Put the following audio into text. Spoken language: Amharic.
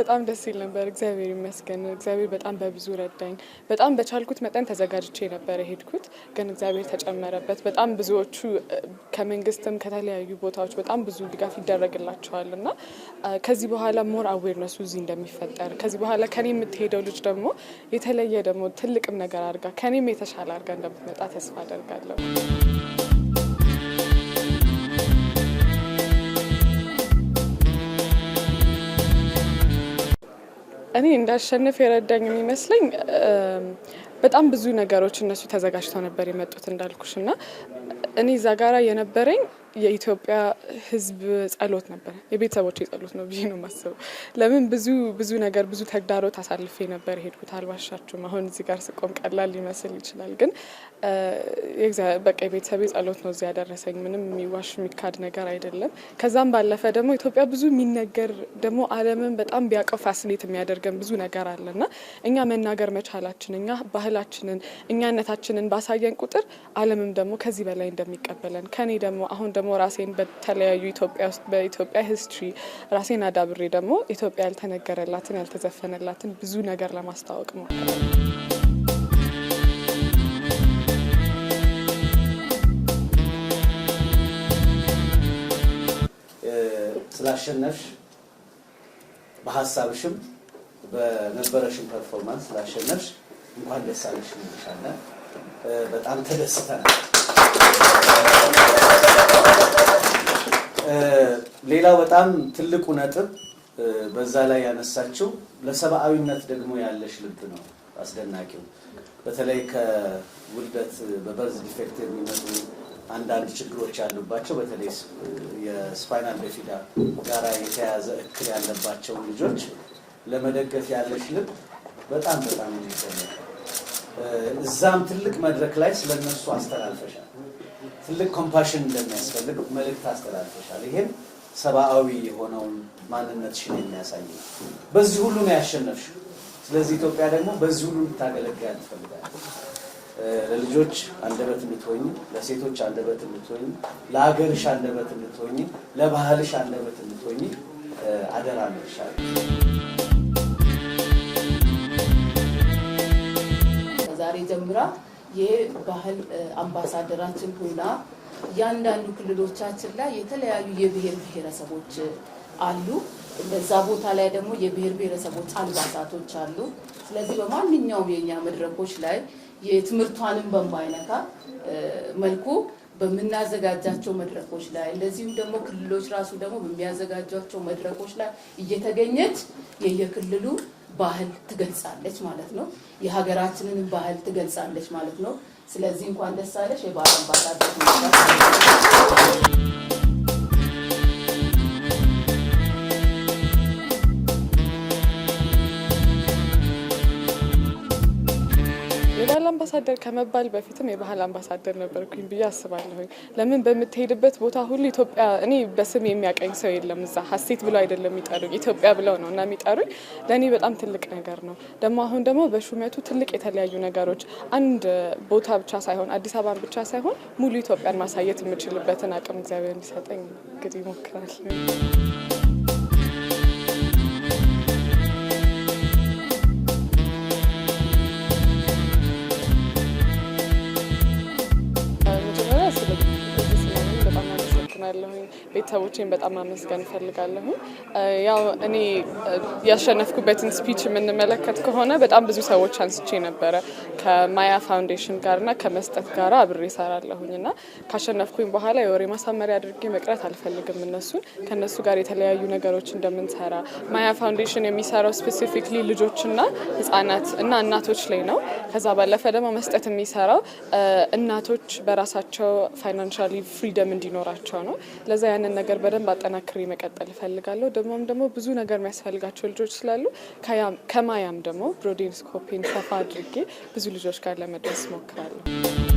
በጣም ደስ ይል ነበር። እግዚአብሔር ይመስገን። እግዚአብሔር በጣም በብዙ ረዳኝ። በጣም በቻልኩት መጠን ተዘጋጅቼ ነበር የሄድኩት፣ ግን እግዚአብሔር ተጨመረበት። በጣም ብዙዎቹ ከመንግስትም ከተለያዩ ቦታዎች በጣም ብዙ ድጋፍ ይደረግላቸዋል እና ከዚህ በኋላ ሞር አዌርነሱ እዚህ እንደሚፈጠር ከዚህ በኋላ ከኔ የምትሄደው ልጅ ደግሞ የተለየ ደግሞ ትልቅም ነገር አድርጋ ከኔም የተሻለ አድርጋ እንደምትመጣ ተስፋ አደርጋለሁ። እኔ እንዳሸንፍ የረዳኝ የሚመስለኝ በጣም ብዙ ነገሮች እነሱ ተዘጋጅተው ነበር የመጡት እንዳልኩሽ እና እኔ እዛ ጋራ የነበረኝ የኢትዮጵያ ሕዝብ ጸሎት ነበር። የቤተሰቦች ጸሎት ነው ብዬ ነው ማስበው። ለምን ብዙ ብዙ ነገር ብዙ ተግዳሮት አሳልፌ ነበር ሄድኩት። አልዋሻችሁም። አሁን እዚህ ጋር ስቆም ቀላል ሊመስል ይችላል፣ ግን በቃ የቤተሰብ ጸሎት ነው እዚህ ያደረሰኝ። ምንም የሚዋሽ የሚካድ ነገር አይደለም። ከዛም ባለፈ ደግሞ ኢትዮጵያ ብዙ የሚነገር ደግሞ ዓለምን በጣም ቢያውቀው ፋሲሌት የሚያደርገን ብዙ ነገር አለና እኛ መናገር መቻላችን እኛ ባህላችንን እኛነታችንን ባሳየን ቁጥር ዓለምም ደግሞ ከዚህ በላይ እንደሚቀበለን ከኔ ደግሞ አሁን ደግሞ ራሴን በተለያዩ ኢትዮጵያ ውስጥ በኢትዮጵያ ሂስትሪ ራሴን አዳብሬ ደግሞ ኢትዮጵያ ያልተነገረላትን ያልተዘፈነላትን ብዙ ነገር ለማስታወቅ ነው። ስላሸነፍሽ በሀሳብሽም በነበረሽን ፐርፎርማንስ ስላሸነፍሽ እንኳን ደስ አለሽ እንልሻለን። በጣም ተደስተናል። ሌላው በጣም ትልቁ ነጥብ በዛ ላይ ያነሳችው ለሰብአዊነት ደግሞ ያለሽ ልብ ነው አስደናቂው። በተለይ ከውልደት በበርዝ ዲፌክት የሚመጡ አንዳንድ ችግሮች ያሉባቸው በተለይ የስፓይናል በፊዳ ጋራ የተያያዘ እክል ያለባቸውን ልጆች ለመደገፍ ያለሽ ልብ በጣም በጣም ይደነቅ። እዛም ትልቅ መድረክ ላይ ስለነሱ አስተላልፈሻል። ትልቅ ኮምፓሽን እንደሚያስፈልግ መልእክት አስተላልፈሻል። ይሄን ሰብአዊ የሆነውን ማንነትሽን የሚያሳይ ነው። በዚህ ሁሉ ነው ያሸነፍሽ። ስለዚህ ኢትዮጵያ ደግሞ በዚህ ሁሉ እንድታገለግል ትፈልጋል። ለልጆች አንደበት እንድትሆኝ፣ ለሴቶች አንደበት እንድትሆኝ፣ ለሀገርሽ አንደበት እንድትሆኝ፣ ለባህልሽ አንደበት እንድትሆኝ አደራ ነሻል። ከዛሬ ጀምራ ይሄ ባህል አምባሳደራችን ሆና እያንዳንዱ ክልሎቻችን ላይ የተለያዩ የብሔር ብሔረሰቦች አሉ። በዛ ቦታ ላይ ደግሞ የብሔር ብሔረሰቦች አልባሳቶች አሉ። ስለዚህ በማንኛውም የኛ መድረኮች ላይ የትምህርቷንም በማይነካ መልኩ በምናዘጋጃቸው መድረኮች ላይ እንደዚሁም ደግሞ ክልሎች ራሱ ደግሞ በሚያዘጋጇቸው መድረኮች ላይ እየተገኘች የየክልሉ ባህል ትገልጻለች ማለት ነው። የሀገራችንን ባህል ትገልጻለች ማለት ነው። ስለዚህ እንኳን ደስ አለሽ የባህል አምባሳደር አምባሳደር ከመባል በፊትም የባህል አምባሳደር ነበርኩኝ ብዬ አስባለሁኝ። ለምን በምትሄድበት ቦታ ሁሉ ኢትዮጵያ እኔ በስም የሚያቀኝ ሰው የለም። እዛ ሀሴት ብለው አይደለም የሚጠሩኝ ኢትዮጵያ ብለው ነው እና የሚጠሩኝ ለእኔ በጣም ትልቅ ነገር ነው። ደግሞ አሁን ደግሞ በሹመቱ ትልቅ የተለያዩ ነገሮች አንድ ቦታ ብቻ ሳይሆን አዲስ አበባን ብቻ ሳይሆን ሙሉ ኢትዮጵያን ማሳየት የምችልበትን አቅም እግዚአብሔር እንዲሰጠኝ እንግዲህ ይሞክራል። ቤተሰቦቼን በጣም ማመስገን እፈልጋለሁ። ያው እኔ ያሸነፍኩበትን ስፒች የምንመለከት ከሆነ በጣም ብዙ ሰዎች አንስቼ ነበረ ከማያ ፋውንዴሽን ጋርና ከመስጠት ጋር አብሬ እሰራለሁኝ እና ካሸነፍኩኝ በኋላ የወሬ ማሳመሪያ አድርጌ መቅረት አልፈልግም። እነሱን ከእነሱ ጋር የተለያዩ ነገሮች እንደምንሰራ ማያ ፋውንዴሽን የሚሰራው ስፔሲፊክሊ ልጆችና ህጻናት እና እናቶች ላይ ነው። ከዛ ባለፈ ደግሞ መስጠት የሚሰራው እናቶች በራሳቸው ፋይናንሻሊ ፍሪደም እንዲኖራቸው ነው። ለዛ ያንን ነገር በደንብ አጠናክሬ መቀጠል እፈልጋለሁ። ደግሞም ደግሞ ብዙ ነገር የሚያስፈልጋቸው ልጆች ስላሉ ከማያም ደግሞ ብሮዴን ሰፋ አድርጌ ብዙ ልጆች ጋር ለመድረስ እሞክራለሁ።